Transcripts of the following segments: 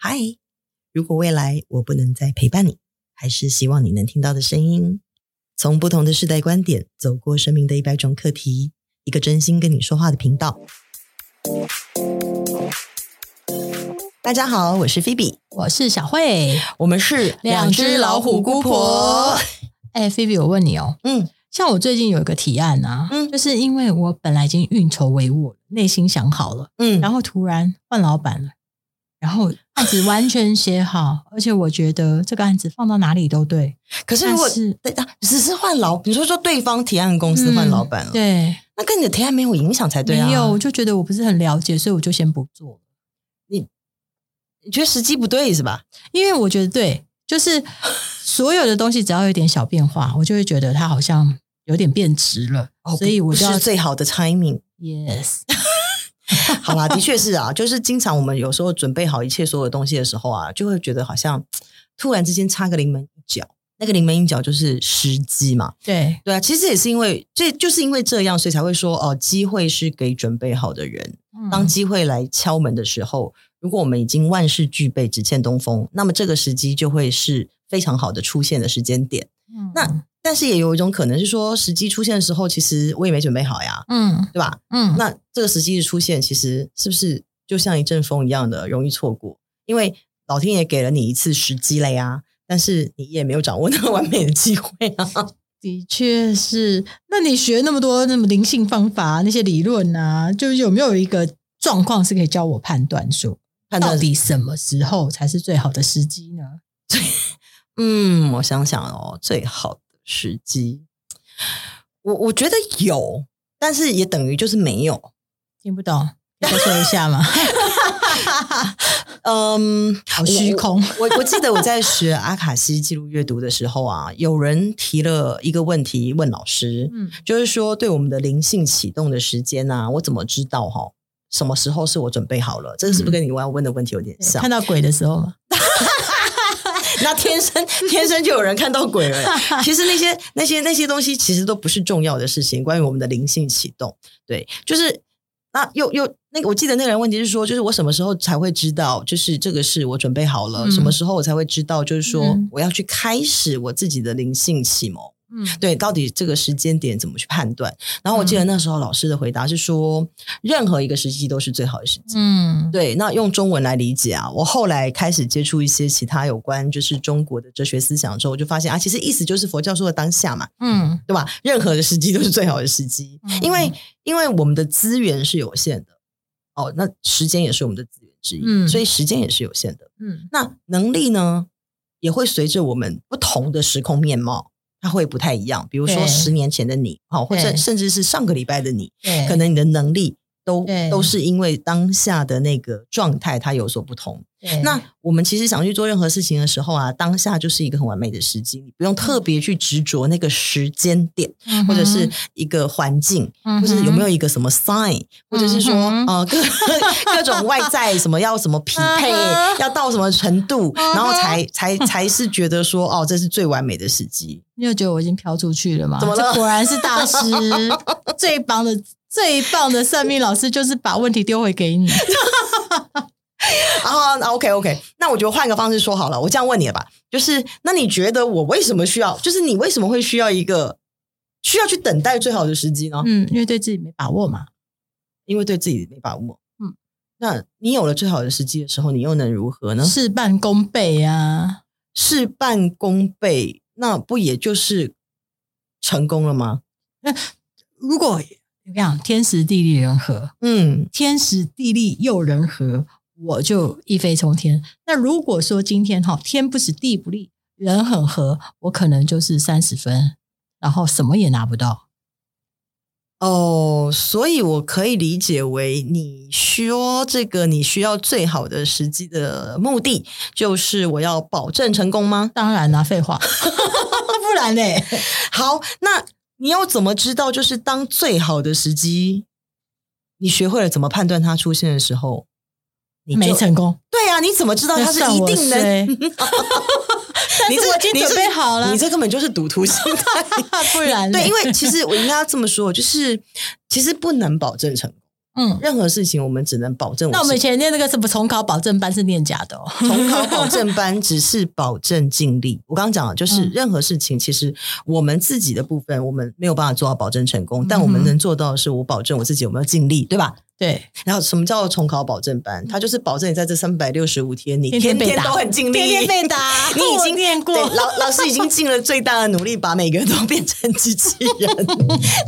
嗨，如果未來我不能再陪伴你，還是希望你能聽到的聲音。從不同的世代觀點，走過生命的一百種課題，一個真心跟你說話的頻道。大家好，我是菲比，我是小慧，我們是兩隻老虎姑婆。姑婆，哎，菲比，我問你哦，嗯，像我最近有一個提案啊，嗯，就是因為我本來已經運籌帷幄，內心想好了，嗯，然後突然換老闆了，然後。案子完全寫好，而且我覺得這個案子放到哪裡都對。可是，如果是只是換老，比如說對方提案公司換老板了，嗯、對，那跟你的提案沒有影響才對啊。沒有，我就覺得我不是很了解，所以我就先不做。你你覺得時機不對是吧？因為我覺得對，就是所有的東西只要有點小變化，我就會覺得它好像有點變質了。哦、所以我就不是最好的 timing。Yes。 好啦，的確是啊，就是經常我們有時候準備好一切所有的東西的時候啊，就會覺得好像突然之間插個臨門一腳，那個臨門一腳就是時機嘛。對對啊，其實也是因為，這就,就是因為這樣，所以才會說哦，機會是給準備好的人。嗯、當機會來敲門的時候，如果我們已經萬事俱備，只欠東風，那麼這個時機就會是非常好的出現的時間點。嗯，那，但是也有一種可能是說，時機出現的時候，其實我也沒準備好呀，嗯，對吧？嗯，那這個時機的出現，其實是不是就像一陣風一樣的容易錯過？因為老天爺給了你一次時機了呀，但是你也沒有掌握那麼完美的機會啊。的確是，那你學那麼多那麼靈性方法，那些理論啊，就有沒有一個狀況是可以教我判斷說，看到底什麼時候才是最好的時機呢？ 嗯，我想想哦，最好的時機，我我覺得有，但是也等於就是沒有，聽不懂，再說一下嗎？ 嗯，好虛空。我我，我記得我在學阿卡西記錄閱讀的時候啊， 有人提了一個問題問老師，嗯，就是說對我們的靈性啟動的時間吶、啊，我怎麼知道哈，什麼時候是我準備好了？嗯、這個是不是跟你我要問的問題有點像？看到鬼的時候。 那天生天生就有人看到鬼了，其實那些那些那些東西其實都不是重要的事情。關於我們的靈性啟動，對，就是那又又那個，我記得那個人問題是說，就是我什麼時候才會知道，就是這個事我準備好了，嗯，什麼時候我才會知道，就是說我要去開始我自己的靈性啟蒙。嗯，對，到底這個時間點怎麼去判斷？然後我記得那時候老師的回答是說，嗯、任何一個時機都是最好的時機。嗯，對。那用中文來理解啊，我後來開始接觸一些其他有關就是中國的哲學思想之後，我就發現啊，其實意思就是佛教說的當下嘛。嗯，對吧？任何的時機都是最好的時機，嗯、因為因為我們的資源是有限的，哦，那時間也是我們的資源之一，嗯，所以時間也是有限的。嗯，那能力呢，也會隨着我們不同的時空面貌。他會不太一樣，比如說十年前的你，好，Yeah. 或者甚至是上個禮拜的你，Yeah. 可能你的能力。都對都是因為當下的那個狀態它有所不同。對那我們其實想去做任何事情的時候啊，當下就是一個很完美的時機，你不用特別去執着那個時間點，嗯、哼或者是一個環境，嗯、哼或者是有沒有一個什麼 sign，、嗯、哼或者是說呃各各種外在什麼要什麼匹配， 要到什麼程度，然後才才才是覺得說哦，這是最完美的時機。你有覺得我已經飄出去了嗎？怎麼了？果然是大師最棒的。最棒的算命老師就是把問題丟回給你哈哈哈。啊！OK OK，那我就換個方式說好了，我這樣問你了吧？就是那你覺得我為什麼需要？就是你為什麼會需要一個需要去等待最好的時機呢？嗯，因為對自己沒把握嘛。因為對自己沒把握。嗯，那你有了最好的時機的時候，你又能如何呢？事半功倍呀、啊！事半功倍，那不也就是成功了嗎？那、嗯、如果……怎麼樣？天時地利人和，嗯，天時地利又人和，我就一飛沖天。那如果說今天哈天不時地不利人很和，我可能就是三十分，然後什麼也拿不到。哦，所以我可以理解為你說這個你需要最好的時機的目的，就是我要保證成功嗎？當然啦，廢話， 不然呢。好，那。你要怎麼知道？就是當最好的時機，你學會了怎麼判斷它出現的時候，你沒成功。對啊，你怎麼知道它是一定能？ 但是我已經準備好了。你這，你這，你這根本就是賭徒心態， 不然呢。對，因為其實我應該要這麼說，就是其實不能保證成功。嗯，任何事情我們只能保證、嗯。那我們以前念那個什麼重考保證班是念假的？哦，重 考保證班只是保證盡力。我剛剛講了，就是任何事情，其實我們自己的部分，我們沒有辦法做到保證成功，但我們能做到的是，我保證我自己有沒有盡力，嗯、哼對吧？對，然後什麼叫重考保證班？他就是保證你在這三百六十五天，你天天都很盡力，天天被打，天天被打 你已經練過，對，老老師已經盡了最大的努力， 把每個人都變成機器人，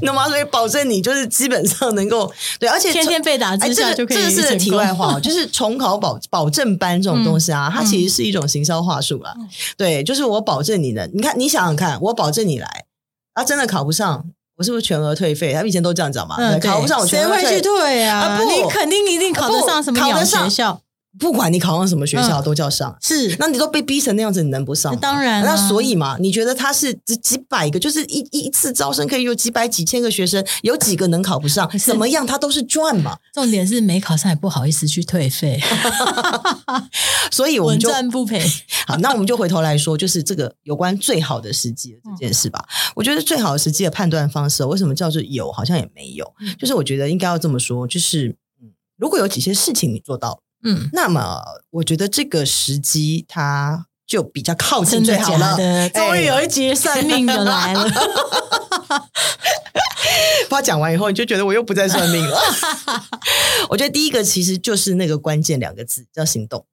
那麼 所以保證你就是基本上能夠對，而且天天被打之下、哎，這個、個、就可以。這是題外話，就是重考保保證班這種東西啊，嗯、它其實是一種行銷話術了。嗯、對，就是我保證你的，你看你想想看，我保證你來啊，真的考不上。我是不是全額退費？他們以前都這樣，講嘛、嗯，考不上我全額退費。誰會去退啊？啊，不，你肯定一定考得上什麼、啊、上什麼學校。不管你考上什麼學校都叫上，嗯、是，那你都被逼成那樣子，你能不上？當然、啊。那所以嘛，你覺得他是這幾百個，就是一一次招生可以有幾百幾千個學生，有幾個能考不上？是怎麼樣，他都是賺嘛。重點是沒考上也不好意思去退費， 所以我們就穩賺不賠。好，那我們就回頭來說，就是這個有關最好的時機的這件事吧。嗯、我覺得最好的時機的判斷方式，為什麼叫做有，好像也沒有，嗯、就是我覺得應該要這麼說，就是、嗯、如果有幾件事情你做到了。嗯，那麼我覺得這個時機它就比較靠近最好了。的的終於有一集算命的來了， 把它講完以後你就覺得我又不再算命了。 我覺得第一個其實就是那個關鍵兩個字叫行動，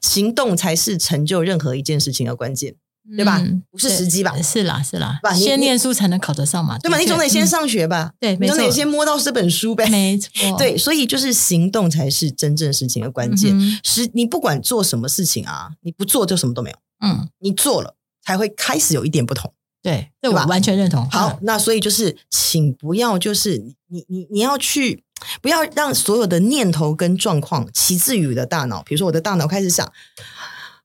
行動才是成就任何一件事情的關鍵。對吧？不是時機吧？是啦，是啦，先唸書才能考得上嘛，對嘛？你總得先上學吧？對，你總得先摸到這本書唄。沒錯，對，所以就是行動才是真正事情的關鍵。是，你不管做什麼事情啊，你不做就什麼都沒有。嗯，你做了才會開始有一點不同。對，對吧？完全認同。好，那所以就是，請不要就是你你你要去不要讓所有的念頭跟狀況起自於你的大腦，比如說我的大腦開始想。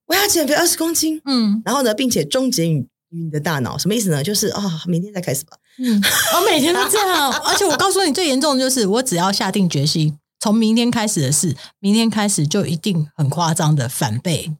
我要減肥二十公斤，嗯，然後呢，並且終結於你的大腦，什麼意思呢？就是啊、哦，明天再開始吧。嗯，我、哦、每天都這樣， 而且我告訴你，最嚴重的就是我只要下定決心，從明天開始的事，明天開始就一定很誇張的翻倍。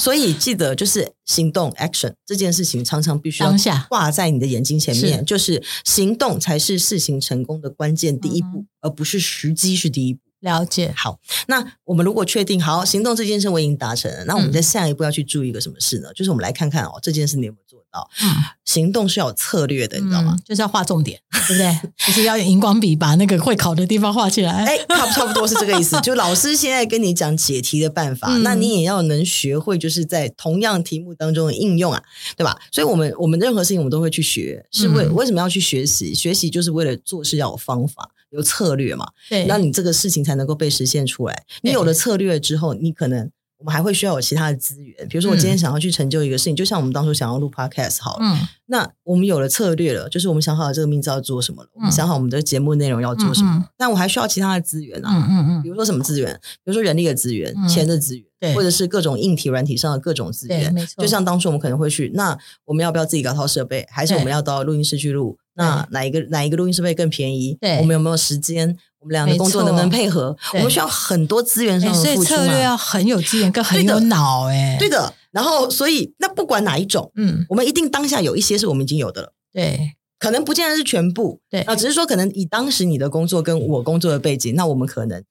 所以記得，就是行動 action 這件事情，常常必須要掛在你的眼睛前面，當下、是就是行動才是事情成功的關鍵第一步，嗯、而不是時機是第一步。了解。好，那我們如果確定好行動這件事，我已經達成了，那我們在下一步要去注意一個什麼事呢？嗯、就是我們來看看哦，這件事你有沒有做到？嗯、行動是要有策略的，你知道嗎、嗯？就是要畫重點，對不對？ 就是要用熒光筆把那個會考的地方畫起來。哎，差差不多是這個意思。 就老師現在跟你講解題的辦法，嗯、那你也要能學會，就是在同樣題目當中的應用啊，對吧？所以我們我們任何事情我們都會去學，是為、嗯、為什麼要去學習？學習就是為了做事要有方法。有策略嘛？對，那你這個事情才能夠被實現出來。你有了策略之後，你可能我們還會需要有其他的資源。比如說，我今天想要去成就一個事情，嗯、就像我們當初想要錄 podcast 好了。嗯、那我們有了策略了，就是我們想好了這個名字要做什麼了，嗯、我們想好我們的節目內容要做什麼。嗯、哼但我還需要其他的資源啊。嗯哼哼，比如說什麼資源？比如說人力的資源，嗯、哼錢的資源。對，或者是各種硬體、軟體上的各種資源，對，沒錯。就像當初我們可能會去，那我們要不要自己搞套設備，還是我們要到錄音室去錄？對那哪一個哪一個錄音設備更便宜？對，我們有沒有時間？我們兩個工作能不能配合？錯我們需要很多資源上的付出嘛。所以策略要很有資源更很有腦誒、欸、對，對的，然後所以那不管哪一種，嗯，我們一定當下有一些是我們已經有的了，對，可能不見得是全部，對啊，只是說可能以當時你的工作跟我工作的背景，那我們可能。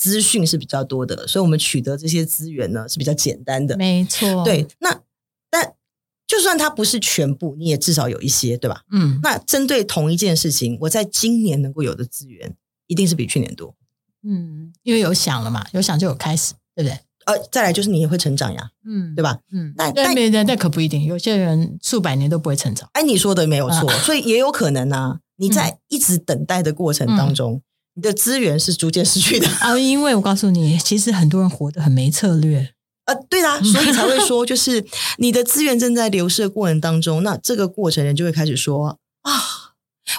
資訊是比較多的，所以我們取得這些資源呢是比較簡單的，沒錯。對，那但就算它不是全部，你也至少有一些，對吧？嗯。那針對同一件事情，我在今年能夠有的資源一定是比去年多。嗯，因為有想了嘛，有想就有開始，對不對？呃，再來就是你也會成長呀，嗯，對吧？嗯，那那那那可不一定，有些人數百年都不會成長。哎，你說的沒有錯，啊、所以也有可能啊。你在一直等待的過程當中。嗯嗯你的資源是逐漸失去的啊！因為我告訴你，其實很多人活得很沒策略啊、呃。對啦、啊，所以才會說，就是你的資源正在流失的過程當中。那這個過程人就會開始說啊，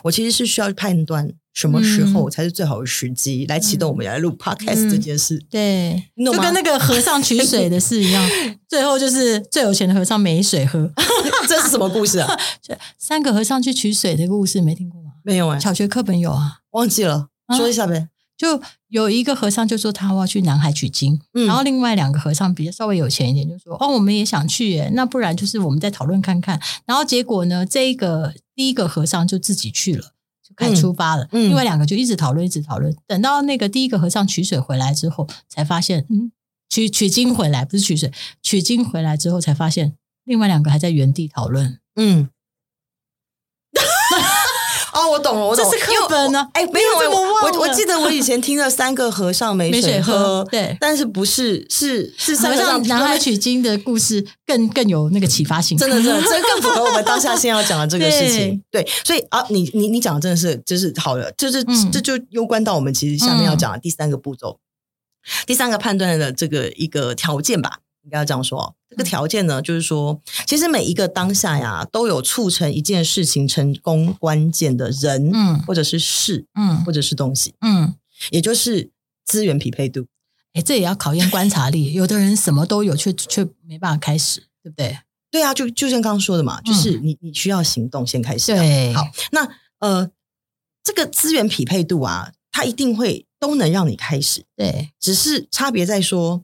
我其實是需要判斷什麼時候才是最好的時機、嗯、來啟動我們來錄 Podcast、嗯、這件事。對，就跟那個和尚取水的事一樣， 最後就是最有錢的和尚沒水喝。 這是什麼故事啊？三個和尚去取水的故事沒聽過嗎、啊？沒有啊、欸，小學課本有啊，忘記了。說一下唄，就有一個和尚就說他要去南海取經，嗯，然後另外兩個和尚比較稍微有錢一點，就說哦，我們也想去耶。那不然就是我們再討論看看。然後結果呢，這一個第一個和尚就自己去了，就開始出發了。嗯，另外兩個就一直討論，一直討論。等到那個第一個和尚取水回來之後，才發現，嗯，取取經回來不是取水，取經回來之後才發現，另外兩個還在原地討論。嗯。哦，我懂了，我懂了這是課本呢、啊。哎、欸，沒有、欸、這麼忘了。我我記得我以前聽了三個和尚沒水喝， 水喝對，但是不是是是三個和尚取經的故事更 更有那個啟發性真，真的真的，這更符合我們當下現在要講的這個事情。對，對，所以啊，你你你講的真的是就是好的，就是、嗯、這就攸關到我們其實下面要講的第三個步驟，嗯、第三個判斷的這個一個條件吧。不要這樣說，這個條件呢，嗯、就是說，其實每一個當下呀、啊，都有促成一件事情成功關鍵的人，嗯，或者是事，嗯，或者是東西，嗯，也就是資源匹配度。哎、欸，這也要考驗觀察力。 有的人什麼都有，卻卻沒辦法開始，對不對？對啊，就就像剛剛說的嘛，嗯、就是你你需要行動先開始、啊。對，好，那呃，這個資源匹配度啊，它一定會都能讓你開始。對，只是差別在說。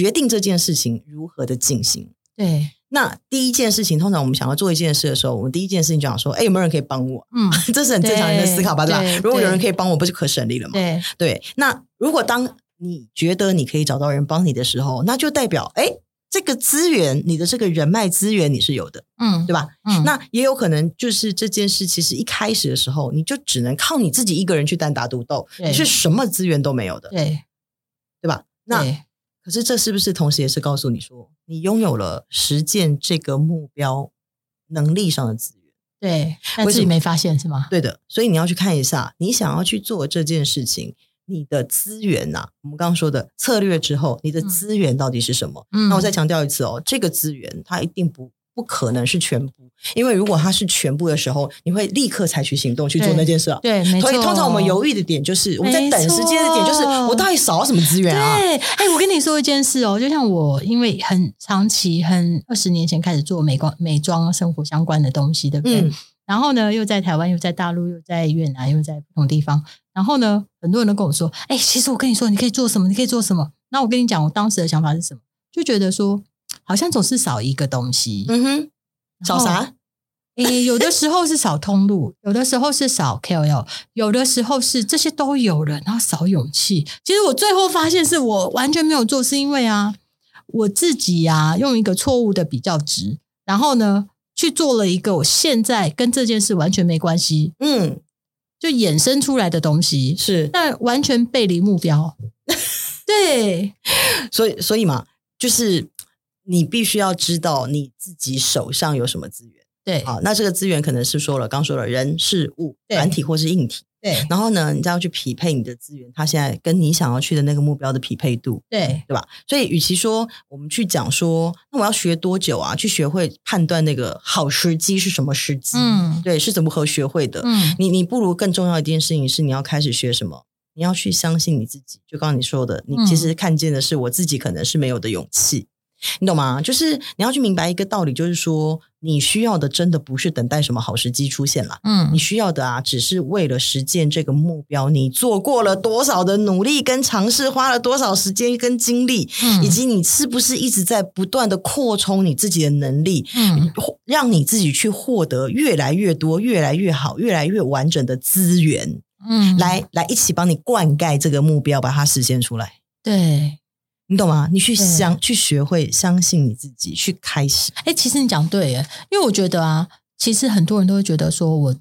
決定這件事情如何的進行。對，那第一件事情，通常我們想要做一件事的時候，我們第一件事情就想說，哎，有沒有人可以幫我？嗯，這是很正常人的思考吧，對,對吧？如果有人可以幫我不就，不是可省力了嗎？對，那如果當你覺得你可以找到人幫你的時候，那就代表，哎，這個資源，你的這個人脈資源你是有的，嗯，對吧？嗯，那也有可能就是這件事其實一開始的時候，你就只能靠你自己一個人去單打獨鬥，對你是什麼資源都沒有的，對，對吧？那。可是這是不是同時也是告訴你說，你擁有了實踐這個目標能力上的資源？對，但自己沒發現是嗎？對的，所以你要去看一下，你想要去做這件事情，嗯，你的資源吶，啊？我們剛剛說的策略之後，你的資源到底是什麼？嗯，那我再強調一次哦，這個資源它一定不。不可能是全部，因為如果它是全部的時候，你會立刻採取行動去做那件事。啊對。對，所以通、通常我們猶豫的點就是我們在等時間的點，就是錯我到底少了什麼資源啊？對，哎、欸，我跟你說一件事哦，就像我因為很長期，很二十年前開始做美光美妝生活相關的東西，對不對？嗯、然後呢，又在台灣，又在大陸，又在越南，又在不同地方。然後呢，很多人都跟我說：“哎、欸，其實我跟你說，你可以做什麼？你可以做什麼？”那我跟你講，我當時的想法是什麼？就覺得說。好像總是少一個東西，嗯哼，少啥？你有的時候是少通路，有的時候是少 KOL，有的時候是這些都有了，然後少勇氣。其實我最後發現，是我完全沒有做，是因為啊，我自己呀、啊，用一個錯誤的比較值，然後呢，去做了一個我現在跟這件事完全沒關係，嗯，就衍生出來的東西是，但完全背離目標， 對，所以所以嘛，就是。你必須要知道你自己手上有什麼資源，對，好，啊，那這個資源可能是說了，剛說了人、事物、軟體或是硬體，對。對，然後呢，你再要去匹配你的資源，它現在跟你想要去的那個目標的匹配度，對，對吧？所以，與其說我們去講說，那我要學多久啊？去學會判斷那個好時機是什麼時機，嗯，對，是怎麼和學會的？嗯，你你不如更重要一件事情是，你要開始學什麼？你要去相信你自己。就剛你說的，你其實看見的是我自己可能是沒有的勇氣。你懂嗎？就是你要去明白一個道理，就是說你需要的真的不是等待什麼好時機出現了，嗯，你需要的啊，只是為了實現這個目標，你做過了多少的努力跟嘗試，花了多少時間跟精力，嗯、以及你是不是一直在不斷的擴充你自己的能力，嗯，讓你自己去獲得越來越多、越來越好、越來越完整的資源，嗯，來來一起幫你灌溉這個目標，把它實現出來，對。你懂嗎？你去相對去學會相信你自己，去開始。哎、欸，其實你講對耶，因為我覺得啊，其實很多人都會覺得說我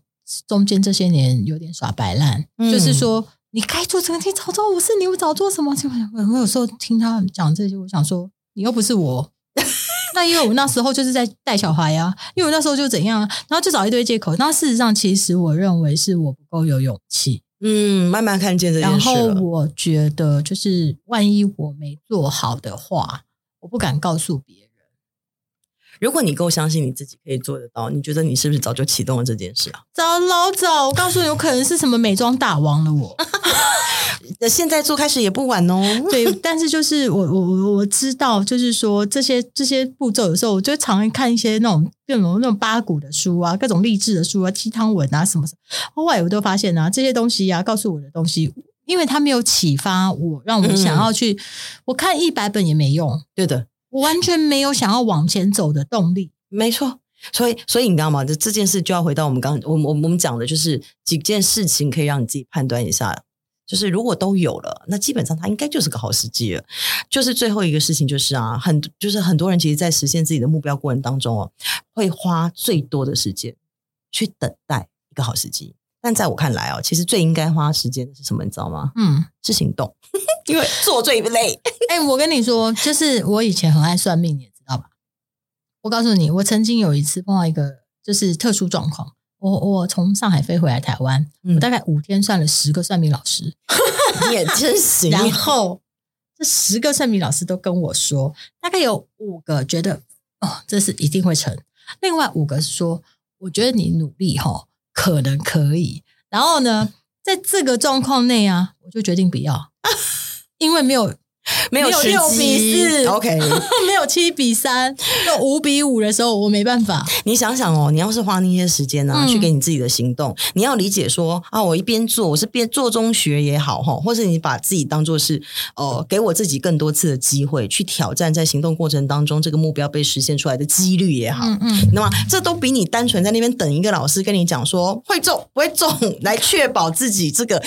中間這些年有點耍白爛，嗯、就是說你該做什麼你早做，我是你我早做什麼。我我，就我有時候聽他講這些，我想說你又不是我， 那因為我那時候就是在帶小孩啊，因為我那時候就怎樣，啊，然後就找一堆借口。那事實上，其實我認為是我不夠有勇氣。嗯，慢慢看見這件事。然後我覺得，就是萬一我沒做好的話，我不敢告訴別人。如果你夠相信你自己可以做得到，你覺得你是不是早就啟動了這件事啊？早老早，我告訴你，有可能是什麼美妝大王了我。 現在做開始也不晚哦。 對，但是就是我我我知道，就是說，這些這些步驟，有時候我就常會看一些那種各種那種八股的書啊，各種勵志的書啊，雞湯文啊什麼什麼。後來，oh wow, 我都發現啊，這些東西啊，告訴我的東西，因為它沒有啟發我，讓我想要去，嗯，我看一百本也沒用。對的。我完全沒有想要往前走的動力。沒錯，所以所以你知道嗎？這這件事就要回到我們剛我我我們講的，就是幾件事情可以讓你自己判斷一下。就是如果都有了，那基本上它應該就是個好時機了。就是最後一個事情，就是啊，很就是很多人其實，在實現自己的目標過程當中哦、啊，會花最多的時間去等待一個好時機。但在我看來哦、啊，其實最應該花時間的是什麼？你知道嗎？嗯，是行動， 因為做最累。 哎、欸，我跟你說，就是我以前很愛算命，你也知道吧？我告訴你，我曾經有一次碰到一個就是特殊狀況，我我從上海飛回來台灣，嗯、我大概五天算了十個算命老師， 你也真行。然後這十個算命老師都跟我說，大概有五個覺得哦，這是一定會成；另外五個是說，我覺得你努力吼、哦，可能可以。然後呢，在這個狀況內啊，我就決定不要，因為沒有。沒有六比四，OK， 沒有七比三，那五比五的時候，我沒辦法。你想想哦，你要是花那些時間呢、啊，嗯、去給你自己的行動，你要理解說啊，我一邊做，我是邊做中學也好、哦、或是你把自己當做是哦、呃，給我自己更多次的機會去挑戰，在行動過程當中，這個目標被實現出來的幾率也好，嗯，嗯，那麼這都比你單純在那邊等一個老師跟你講說會中不會中來確保自己這個。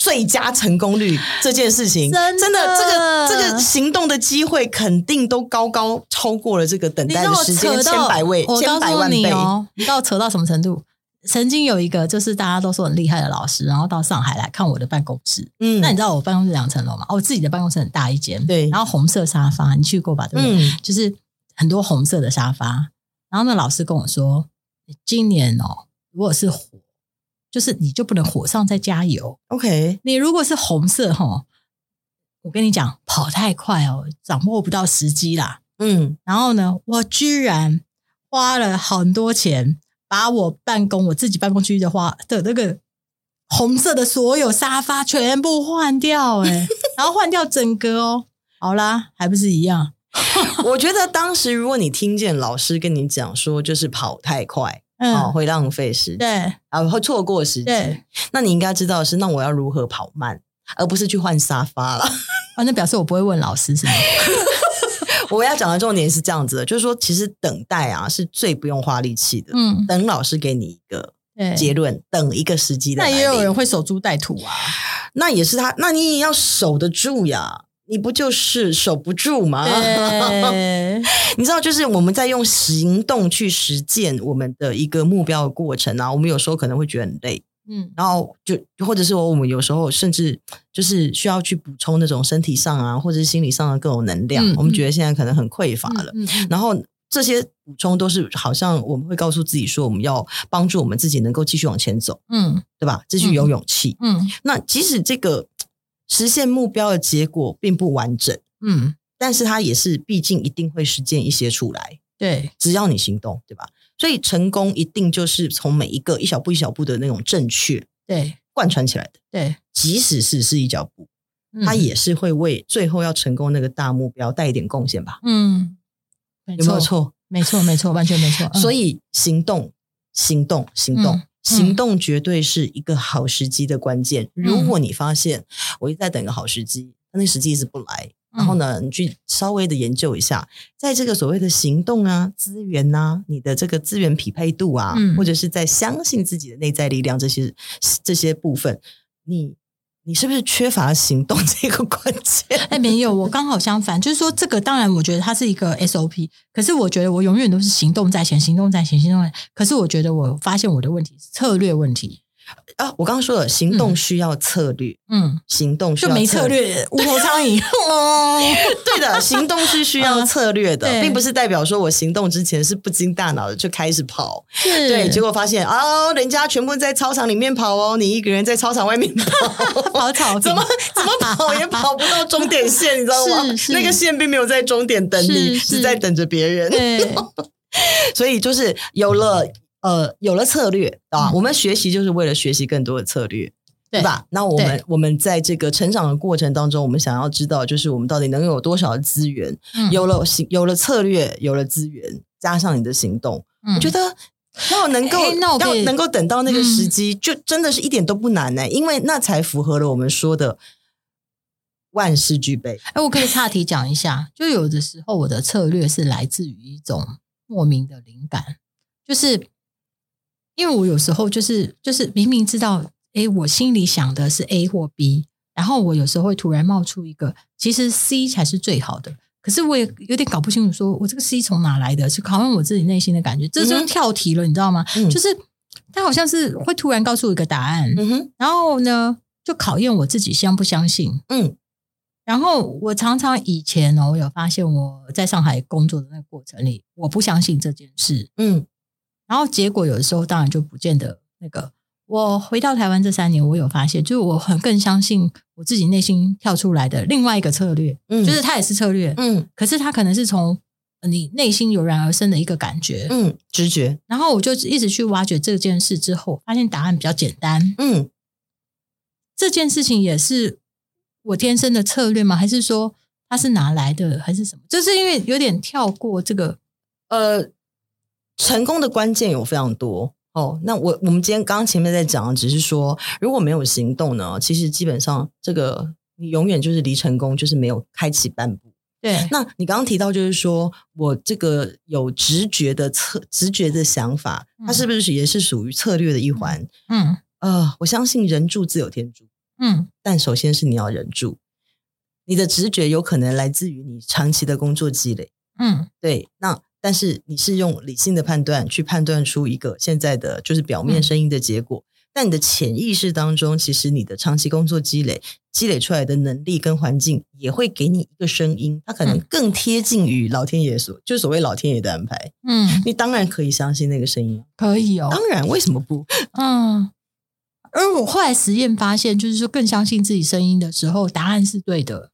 最佳成功率這件事情，真的，真的，這個這個行動的機會肯定都高高超過了這個等待的時間千百倍，哦、千百萬倍哦！你到扯到什麼程度？曾經有一個就是大家都說很厲害的老師，然後到上海來看我的辦公室。嗯，那你知道我辦公室兩層樓嗎？哦，我自己的辦公室很大一間，對。然後紅色沙發，你去過吧？對不對？嗯、就是很多紅色的沙發。然後那老師跟我說：“今年哦，如果是火。”就是你就不能火上再加油，OK？你如果是紅色吼，我跟你講，跑太快哦，掌握不到時機啦。嗯，然後呢，我居然花了很多錢，把我辦公我自己辦公區域的花的那個紅色的所有沙發全部換掉欸，哎， 然後換掉整個哦。好啦，還不是一樣。 我覺得當時如果你聽見老師跟你講說，就是跑太快。哦，會浪費時間、嗯、對，啊會錯過時間對，那你應該知道是，那我要如何跑慢，而不是去換沙發了。啊，那表示我不會問老師是嗎？ 我要講的重點是這樣子的，就是說，其實等待啊，是最不用花力氣的。嗯，等老師給你一個對結論，等一個時機的來。那也有人會守株待兔啊，那也是他，那你也要守得住呀。你不就是守不住嗎？對 你知道，就是我們在用行動去實踐我們的一個目標的過程啊。我們有時候可能會覺得很累，嗯，然後就或者是我我們有時候甚至就是需要去補充那種身體上啊，或者是心理上的各種能量。嗯、我們覺得現在可能很匱乏了，嗯嗯、然後這些補充都是好像我們會告訴自己說，我們要幫助我們自己能夠繼續往前走，嗯，對吧？繼續有勇氣，嗯，嗯那即使這個。實現目標的結果並不完整，嗯，但是它也是，畢竟一定會實踐一些出來，對，只要你行動，對吧？所以成功一定就是從每一個一小步一小步的那種正確，對，貫穿起來的，對，即使是是一小步，嗯、它也是會為最後要成功那個大目標帶一點貢獻吧，嗯，沒錯，有沒有錯？沒錯，沒錯，完全沒錯。 所以行動，行動，行動。嗯行動絕對是一個好時機的關鍵。如果你發現我一再等一個好時機，那時機一直不來，然後呢，你去稍微的研究一下，在這個所謂的行動啊、資源啊、你的這個資源匹配度啊，或者是在相信自己的內在力量這些這些部分，你。你是不是缺乏行動這個關鍵？哎、 欸，沒有，我剛好相反，就是說，這個當然，我覺得它是一個 SOP，可是我覺得我永遠都是行動在前，行動在前，行動在。可是，我覺得我發現我的問題是策略問題。啊！我剛剛說了，行動需要策略。嗯，行動需要策略。就沒策略，無頭蒼蠅哦。對的，行動是需要策略的，並不是代表說我行動之前是不經大腦的就開始跑。對，結果發現啊，人家全部在操場裡面跑哦，你一個人在操場外面跑，好吵。怎麼怎麼跑也跑不到終點線，你知道嗎？那個線並沒有在終點等你，是在等着別人。所以就是有了。呃，有了策略啊，嗯、我們學習就是為了學習更多的策略，對吧？那我們對我們在這個成長的過程當中，我們想要知道，就是我們到底能有多少資源？嗯、有了有了策略，有了資源，加上你的行動，我、嗯、覺得要能夠，欸欸、那我要能夠等到那個時機，嗯、就真的是一點都不難呢、欸，因為那才符合了我們說的萬事俱備。哎、欸，我可以岔題講一下，就有的時候我的策略是來自於一種莫名的靈感，就是。因為我有時候就是就是明明知道，哎，我心裡想的是 A 或 B，然後我有時候會突然冒出一個，其實 C 才是最好的。可是我也有點搞不清楚說，說我這個 C 從哪來的？是考驗我自己內心的感覺，這就跳題了，嗯哼，你知道嗎？嗯，就是他好像是會突然告訴我一個答案，嗯哼，然後呢，就考驗我自己相不相信。嗯，然後我常常以前哦，我有發現我在上海工作的那個過程裡，我不相信這件事。嗯。然後結果有的時候當然就不見得那個。我回到台灣這三年，我有發現，就是我很更相信我自己內心跳出來的另外一個策略，就是它也是策略，嗯，可是它可能是從你內心油然而生的一個感覺，嗯，直覺。然後我就一直去挖掘這件事之後，發現答案比較簡單，嗯，這件事情也是我天生的策略嗎？還是說它是哪來的？還是什麼？就是因為有點跳過這個，呃。成功的關鍵有非常多哦。那我我們今天剛,剛前面在講的，只是說如果沒有行動呢，其實基本上這個你永遠就是離成功就是沒有開啟半步。對，對那你剛剛提到就是說我這個有直覺的策，直覺的想法，它是不是也是屬於策略的一環？嗯，呃，我相信人助自有天助。嗯，但首先是你要人助，你的直覺有可能來自於你長期的工作積累。嗯，對，那。但是你是用理性的判斷去判斷出一個現在的就是表面聲音的結果，嗯、但你的潛意識當中，其實你的長期工作積累積累出來的能力跟環境也會給你一個聲音，它可能更貼近於老天爺所，嗯，就所謂老天爺的安排。嗯，你當然可以相信那個聲音，可以哦，當然為什麼不？嗯，而我後來實驗發現，就是說更相信自己聲音的時候，答案是對的。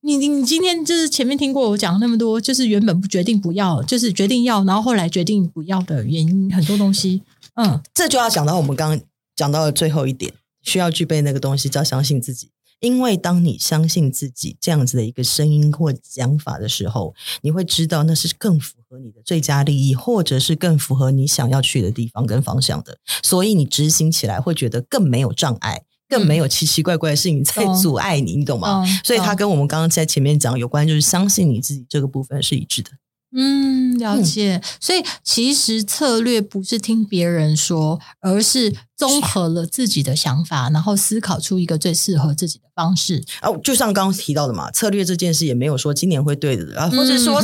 你你你今天就是前面聽過我講了那麼多，就是原本不決定不要，就是決定要，然後後來決定不要的原因很多東西，嗯，這就要講到我們剛剛講到的最後一點，需要具備那個東西叫相信自己。因為當你相信自己這樣子的一個聲音或講法的時候，你會知道那是更符合你的最佳利益，或者是更符合你想要去的地方跟方向的，所以你執行起來會覺得更沒有障礙。更沒有奇奇怪怪的事情在阻礙你，哦、你懂嗎？哦、所以他跟我們剛剛在前面講有關，就是相信你自己這個部分是一致的。嗯，了解。嗯、所以其實策略不是聽別人說，而是綜合了自己的想法，是然後思考出一個最適合自己的方式。哦，就像剛剛提到的嘛，策略這件事也沒有說今年會對的啊，嗯、或者說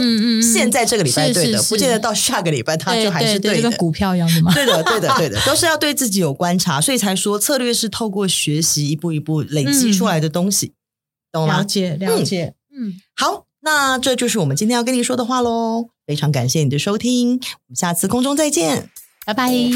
現在這個禮拜對的，嗯嗯嗯、不見得到下個禮拜它就還是對的。對對對就股票一樣的嘛 對的，對的，對的，對的，都是要對自己有觀察，所以才說策略是透過學習一步一步累積出來的東西，嗯、懂嗎？了解，了解，嗯，嗯嗯好。那這就是我們今天要跟你說的話嘍，非常感謝你的收聽，我們下次空中再見，拜拜。